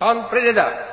Pan Preda.